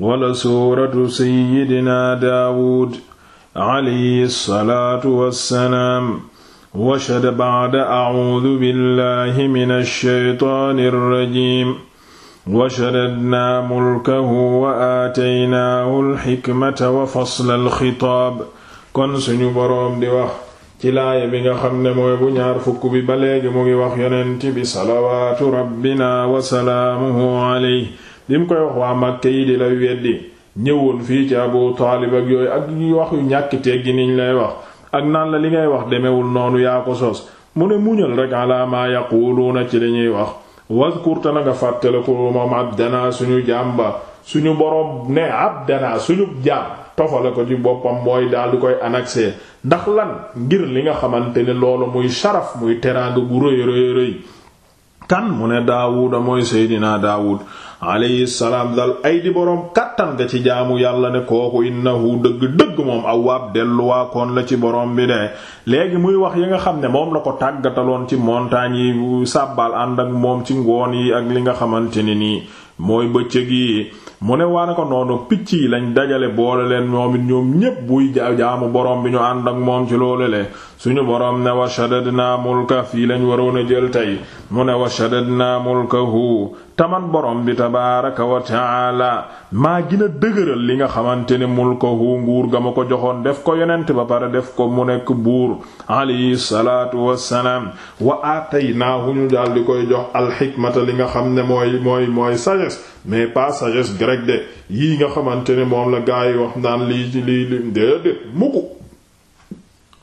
wala suuratu sayyidina daawud alayhi salaatu wassalaam washad ba'da a'uudu billahi mina shaytaani rajiim washadadnaa mulkahu wa aataynaahu alxikmata wa fasla alxitaab kon suñu boroom di wax ci laaya bi nga xam ne mooy bu ñaar fukk bi ba léegi mu ngi wax yonent bi salawaatu rabbina wa salaamuhu alayhi li mu koy wax waa Makka yi di lay weddi ñëwoon fii ci Abu Taalib ak yooyu ak yu wax yu ñàkk teggi niñ lay wax ak naan la li ngay wax demewul noonu yaa ko sos mu ne muñal rek ala maa yaquluuna ci li ñuy wax wadkur te na nga fàttale ko moom abdana suñu jàmba suñu boroom ne abdana suñu jaam tofale ko ci boppam mooy daal di koy annexé ndax lan ngir li nga xamante ne loolu muy sharaf muy teraanga gu rëy rëy rëy kan mu ne daawuda mooy seydinaa daawud alayhi salaam dal ay di boroom kàttan nga ci jaamu yàlla ne kooku innahu dëgg-dëgg moom awaab delluwaakoon la ci boroom bi de léegi muy wax yi nga xam ne moom la ko tàggataloon ci montagne yi sàbbaal ànd ak moom ci ngoon yi ak li nga xamante ne nii mooy bëccëg yi mu ne waa ko noonu picc yi lañ dajale boole leen moom it ñoom ñépp buy jaamu borom bi ñu ànd ak moom ci loolu le suñu borom ne wa shadadna mulka fii lañu war a jël tey mu ne wa shadadna mulkahu taman borom bi tabaaraka wa taala maa gina dëgëral li nga xamante ne mulkahu nguur ga ma ko joxoon def ko yonent ba pare def ko mu nekk buur alayhi salaatu wassalaam wa aataynaahu ñu daal di koy jox alxikmata li nga xam ne mooy mooy mooy sagesse mais pas sagesse grecque de yii nga xamante ne moom la gaa yi wax naan lii ci lii lim déedéet mukk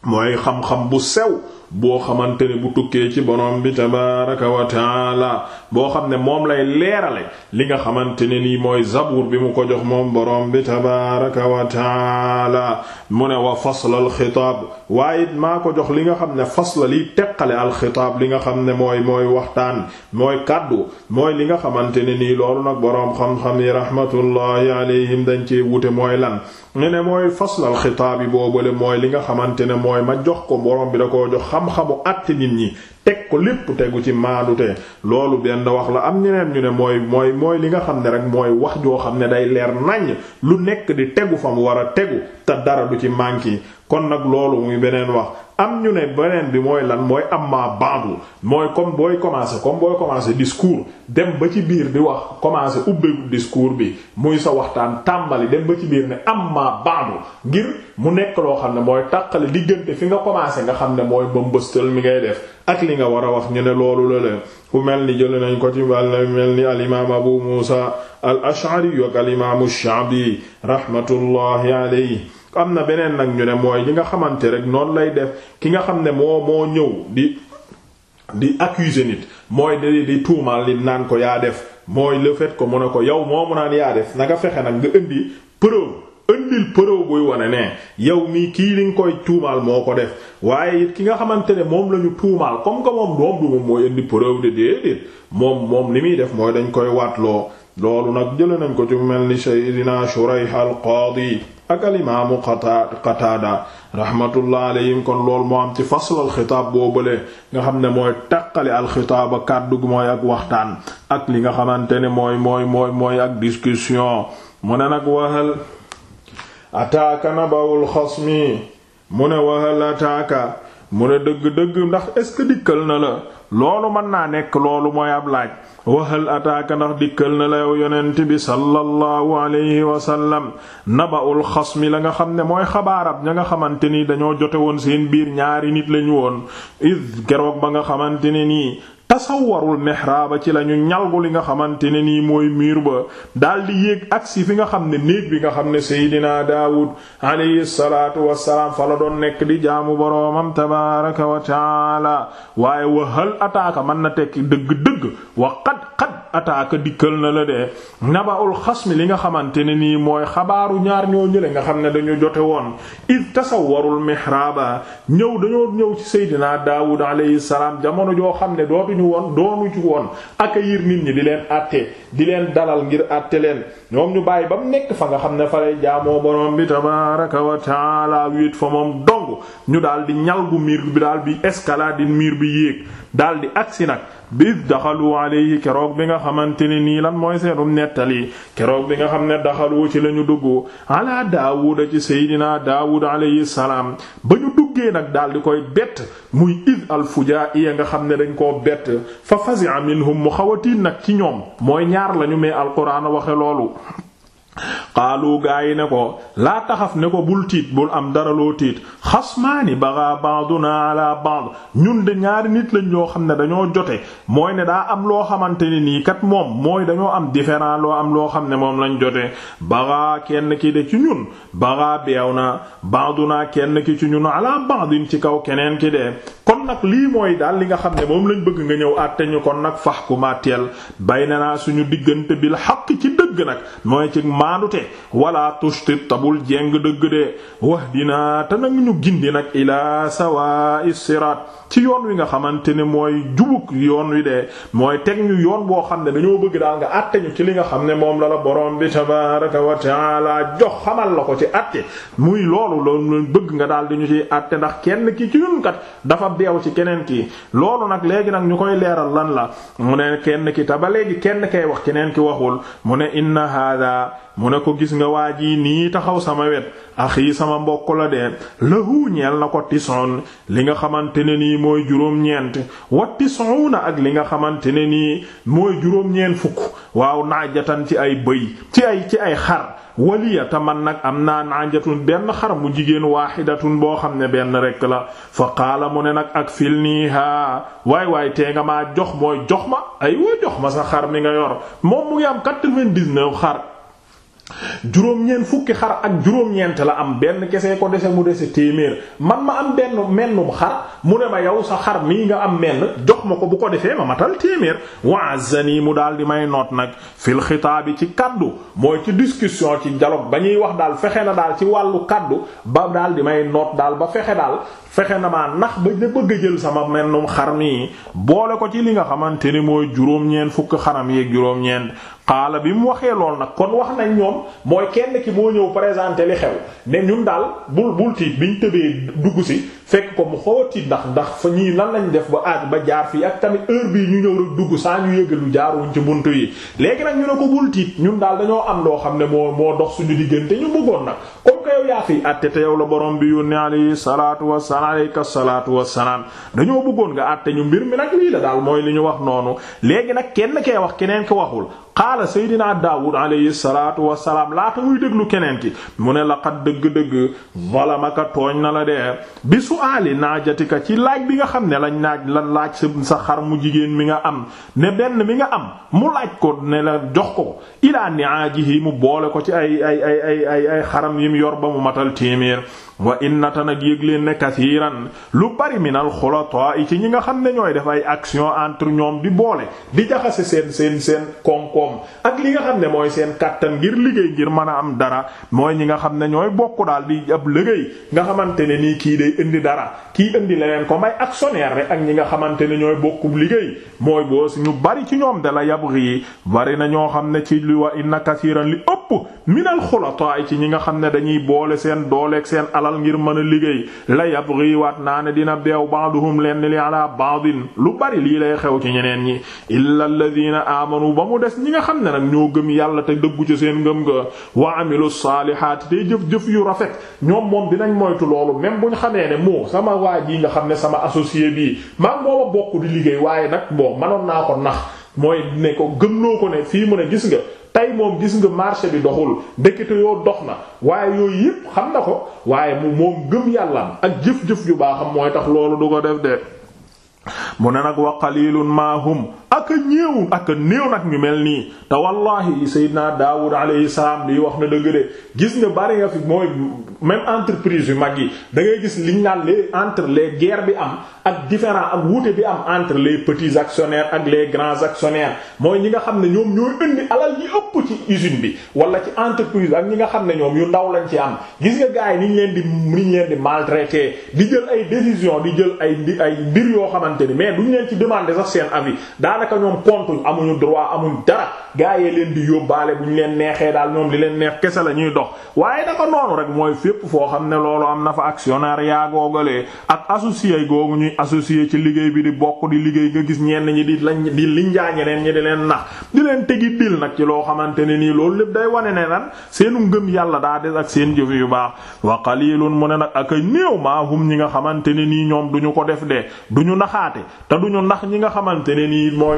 mooy xam-xam bu sew boo xamante ne bu tukkee ci borom bi tabaaraka wa taala boo xam ne moom lay leerale li nga xamante ne nii mooy zabuur bi mu ko jox moom borom bi tabaaraka wa taala mu ne wa fasla alxitaab waaye maa ko jox li nga xam ne fasla liy teqale alxitaab li nga xam ne mooy mooy waxtaan mooy kàddu mooy li nga xamante ni nii loolu nag boroom xam-xam yi rahmatullahi alayhim dañ cee wute mooy lan ñu ne mooy faslal xitaab yi boobale mooy li nga xamante ne mooy ma jox ko borom bi da koo jox xam-xamu àtte nit ñi teg ko lépp tegu ci maadute loolu benn wax la am ñeneen ñu ne mooy mooy mooy li nga xam ne rek mooy wax joo xam ne day leer naññ lu nekk di tegu fam war a tegu te dara du ci manki kon nag loolu muy beneen wax am ñu ne beneen bi mooy lan mooy am maa baandu mooy comme booy commencer comme booy commencer discours dem ba ci biir di wax commencer ubbeeku discours bi muy sa waxtaan tàmbali dem ba ci biir ne am maa baandu ngir mu nekk loo xam ne mooy tàqale diggante fi nga commencé nga xam ne mooy bambëstal mi ngay def ak li nga war a wax ñu ne loolu la leen ku mel ni jëli nañ ko ci wàll mel ni al imaam abu muusa al ashari ak al imaamu shaabi rahmatullahi alayhi am na beneen nag ñu ne mooy li nga xamante rek noonu lay def ki nga xam ne moo moo ñëw di di accuser nit mooy di di tuumaal nit naan ko yaa def mooy le ko mu ne ko yow moo mu naan yaa def na nga fexe nag indi preuve indil përëw buy wane ne yow mii kii li nga koy tuumaal moo ko def waaye it ki nga xamante ne moom lañu ñu tuumaal comme que moom doom du moom mooy indi përëw de déedéet moom moom li muy def mooy dañ koy waatloo loolu nag jële nañ ko ci mel ni Seydina Shurayh al-Qaadi ak alimaamu Qataada rahmatullah alayhim kon loolu moo am ci fasl alxitaab boobale nga xam ne mooy taqale alxitaaba kàddu gi mooy ak waxtaan ak li nga xamante ne mooy mooy mooy mooy ak discussion mu ne nag waxal ataaka nabawul mi mu ne wahal ataaka mu ne dëgg-dëgg ndax est-ce que dikkal na la loolu mën naa nekk loolu mooy ab laaj wahal ataaka ndax dikkal na la yow yonent bi sallallahu alayhi wasallam xas mi la nga xam ne mooy xabaarab ña nga xamante ni dañoo jote woon seen biir ñaari nit lañu woon id keroog ba nga xamante ne nii tasawwarul mihraaba ci lañu ñalgu li nga xamante ne nii mooy miir ba daldi yéeg agsi fi nga xam ne néeg bi nga xam ne seydinaa daawud alayhi salaatu wassalaam fa la doon nekk di jaamu boroomam tabaaraka wa taala waaye wa ataaka mën na tekki dëgg-dëgg wa qad qad ataaka dikkal na la dee nabaul xasmi li nga xamante ne nii mooy xabaaru ñaar ñoo ñële nga xam ne dañu jote woon id tasawwarul mihraba ñëw dañoo ñëw ci seydinaa daawud alayhi salaam jamono joo xam ne ñu woon doonu ci woon yir nit ñi di leen àtte di leen dalal ngir àtte leen ñoom ñu bàyyi ba mu nekk fa nga xam ne fa lay jaamoo borom bi tabaaraka wa taala wéet fa moom dong ñu daal di ñalgu miir bi daal bi escalade miir bi yéeg daal di bi daxalu alayhi keroog bi nga nga xamante ne nii lan mooy seenum nettali keroog bi nga xam ne daxalu ci lañu ñu dugg ala daawuda ci seydina daawud alayhi salaam ba ñu duggee nag daal di koy bett muy id al fujaa nga xam ne dañ koo bett fa fazi'a minhum mu xawatiin nag ci ñoom mooy ñaar lañu mee alquran waxe loolu xaalu gaa yi ne ko laa taxaf ne ko bul tiit bul am dara loo tiit xasmaani bagaa ba'duna ala ba'd ñun de ñaari nit lañ ñoo xam ne dañoo jote mooy ne daa am loo xamante ne nii kat moom mooy dañoo am différent loo am loo xam ne moom lañ jote bagaa kenn ki de ci ñun bagaa beew na ba'duna kenn ki ci ñun ala ba'din ci kaw keneen ki de kon nag lii mooy daal li nga xam ne moom lañ bëgg nga ñëw àtte ñu kon nag faxkumaateel bay na naa suñu diggante bil haqq ci dëgg dëgg nag mooy ci maandute wala tushtit tabul jeng dëgg de wax dinaa te nag ñu gindi nag ilaa sawa siraat ci yoon wi nga xamante ne mooy jubug yoon wi de mooy teg ñu yoon boo xam ne dañoo bëgg daal nga àtte ñu ci li nga xam ne moom la la borom bi tabaaraka wa laa jox xamal la ko ci àtte muy loolu loolu bëgg nga daal di ñu ci àtte ndax kenn ki ci ñun kat dafa beew ci keneen kii loolu nag léegi nag ñu koy leeral lan la mu ne kenn ki te ba léegi kenn kay wax keneen ki inna hada mu ne ko gis nga waa ji nii taxaw sama wet axi sama mbokk la de lahu ñeel na ko tisoon li nga xamante ne nii mooy juróom-ñeent wa tisuna ak li nga xamante ne nii mooy juróom-ñeent fukk waaw naajatan ci ay bëy ci ay ci ay xar waliya te man nag am naa naajatun benn xar mu jigéen waaxidatun boo xam ne benn rekk la fa qaala mu ne nag ak fil nii haa waay waay tee nga maa jox mooy jox ma ay wa jox ma sa xar mi nga yor moom mu ngi am quatre-vingt-dix-neuf xar juróom-ñeent fukki xar ak juróom-ñeent la am benn kese ko dese mu dese téeméer man ma am benn mennum xar mu ne ma yow sa xar mii nga am menn jox ma ko bu ko defee ma matal téeméer waazani mu daal di may noot nag fil xitaabi ci kaddu mooy ci discussion ci dialogue ba ñuy wax daal fexe na daal ci wàllu kàddu ba daal di may noot daal ba fexe daal fexe na maa nax ba da bëgg jël sama mennum xar mii boole ko ci li nga xamante ni mooy juróom-ñeent fukk xaram yeeg juróom-ñeent xaala bi mu waxee lool nag kon wax nañ ñoom mooy kenn ki moo ñëw présenter li xew ne ñun daal bul bul tiit biñ tëbee dugg si fekk ko mu xooti ndax ndax fa ñii lan lañ def ba aaj ba jaar fii ak tamit heure bii ñu ñëw rek dugg saa ñu lu jaaruñ ci buntu yi léegi nag ñu ne ko bul tiit ñun daal dañoo am loo xam ne moo moo dox suñu diggante ñu bëggoon nag comme que yow yaa fi àtte te yow la borom bi yónni alayhi salaatu wassalaam alayka salaatu wassalaam dañoo bëggoon nga àtte ñu mbir mi nag lii la daal mooy li ñu wax noonu léegi nag kenn kee wax keneen ki waxul xaala seydina daawud alayhi salaatu wasalaam laata muy déglu keneen ki mu ne laqad dëgg-dëgg zalamaka tooñ na la dee bi su'aali naajatika ci laaj bi nga xam ne lañ naaj la laaj sa xar mu jigéen mi nga am ne benn mi nga am mu laaj ko ne la jox ko ilaa ni'aajihi mu boole ko ci ay ay ay ay ay ay xaram yim yor ba mu matal téeméer wa innata nag yëg leen ne kathiran lu bari minal xulataa yi ci ñi nga xam ne ñooy def ay action entre ñoom di boole di jaxase seen seen koom ak li nga xam ne mooy seen kàttan ngir liggéey ngir mën a am dara mooy ñi nga xam ne ñooy bokk daal di ab liggéey nga xamante ne nii kii day indi dara kii indi leneen ko may actionnaire rek ak ñi nga xamante ne ñooy bokku liggéey mooy boo ñu bari ci ñoom dala yabri bari na ñoo xam ne ci li wa inna kasiran li ëpp minal xulataay ci ñi nga xam ne dañuy boole seen dooleek seen alal ngir mën a liggéey la yabghi waat naa ne dina beew ba'duhum leen li ala ba'din lu bari lii lay xew ci ñeneen ñi illa alladhina amanu ba mu des ñi nga xam ne nag ñoo gëm yàlla te dëggu ci seen ngëm nga wa amilu saalihaati tey jëf-jëf yu rafet ñoom moom dinañ moytu loolu même buñ xamee ne moo sama waa ji nga xam ne sama associé bii maa booba bokk di liggéey waaye nag boo mënoon naa ko nax mooy ne ko gëm noo ko ne fii mu ne gis nga ay moom gis nga marché bi doxul ndekete yoo dox na waaye yooyu yépp xam na ko waaye mu moom gëm yàllam ak jëf-jëf yu baaxam mooy tax loolu du ko def de mu ne nag wa qalilun mahum ak a ñéew ak a néew nag ñu mel nii te wallahi sayyidina Daawud alayhi salaam liy wax na dëgg de gis nga bari nga fi mooy même entreprise yu mag yi da ngay gis liñ naan les entre les guerres bi am ak différent ak wuute bi am entre les petits actionnaires ak les grands actionnaires mooy ñi nga xam ne ñoom ñooy indi alal yi ëpp ci usine bi wala ci entreprise ak ñi nga xam ne ñoom yu ndaw lañ ci am gis nga gars yi niñ leen di niñ leen di maltraiter di jël ay décision di jël ay ay mbir yoo xamante ni mais duñ leen ci demander sax seen avis daanaka ñoom kontuñ amuñu droit amuñ dara gaa yee leen di yóbbaale bu ñu leen neexee daal ñoom li leen neex kese la ñuy dox waaye da ko noonu rek mooy fépp foo xam ne loolu am na fa actionnariat googalee ak associé googu ñuy associé ci liggéey bi di bokk di liggéey nga gis ñenn ñi di lañ di liñ jaa ñeneen ñi di leen nax di leen tegi dil nag ci loo xamante ne nii loolu lépp day wane ne nan seenu ngëm yàlla daa des ak seen jëf yu baax wa qalilun mu ne nag ak néew maa ñi nga xamante ne nii ñoom duñu ko def de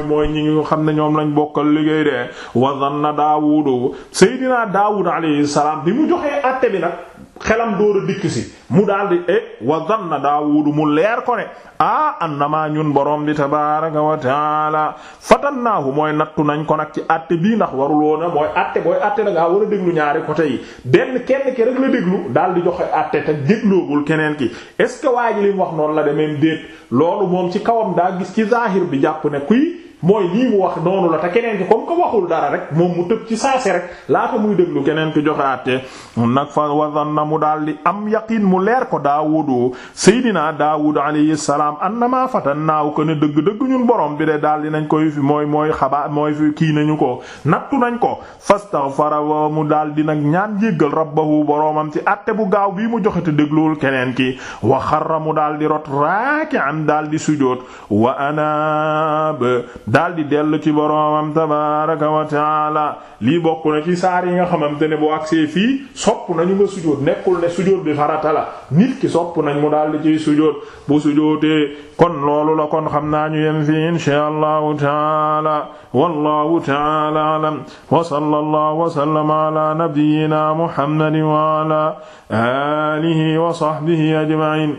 mooy mooy ñi nga xam ne ñoom lañ bokkal liggéey de wa zanna daawudu seydinaa daawud alayhi salaam bi mu joxee àtte bi nag xelam dóor a dikk si mu daldi e eh, wa na daawudu mu leer ko ne ah ma ñun borom bi tabaaraka wa naa fatannaahu mooy nattu nañ ko nag ci àtte bii ndax warul woon na mooy àtte booy àtte da ngaa war a déglu ñaari côté yi benn kenn ki rek la déglu daal di joxe àtte te dégloogul keneen ki est ce que waa ji li wax noonu la demee déet loolu moom ci kawam daa gis ci zaahir bi jàpp ne kuy. mooy lii mu wax noonu la te keneen ki comme ko waxul dara rek moom mu tëb ci saasi rek laata muy déglu keneen ki joxe àtte nag fa wasan na mu daal di am yaqiin mu leer ko Daawudu Seydina Daawud alayhi salaam annama fatannaahu ko ne dëgg-dëgg ñun borom bi de dal di nañ koy mooy mooy xabaa mooy fi kii nañu ko nattu nañ ko fastaghfara wa mu daal di nag ñaan jéggal rabbahu boromam ci àtte bu gaaw bii mu joxe te dégluwul keneen ki wa xara mu daal di rot raaki'an daal di sujood wa daal di dellu ci boroomam tabaaraka wa taala lii bokk na ci saar yi nga xamante ne boo agsee fii sopp nañu nga sujjóot nekkul ne sujjóot bi farata la nit ki sopp nañ mu daldi ciy sujjóot bu sujjóotee kon loolu la kon xam naa ñu yem fii inshaa allahu taala wallahu taala alam wa sallallahu wa sallama ala nabiyyina wa ala wa sahbihi ajma'in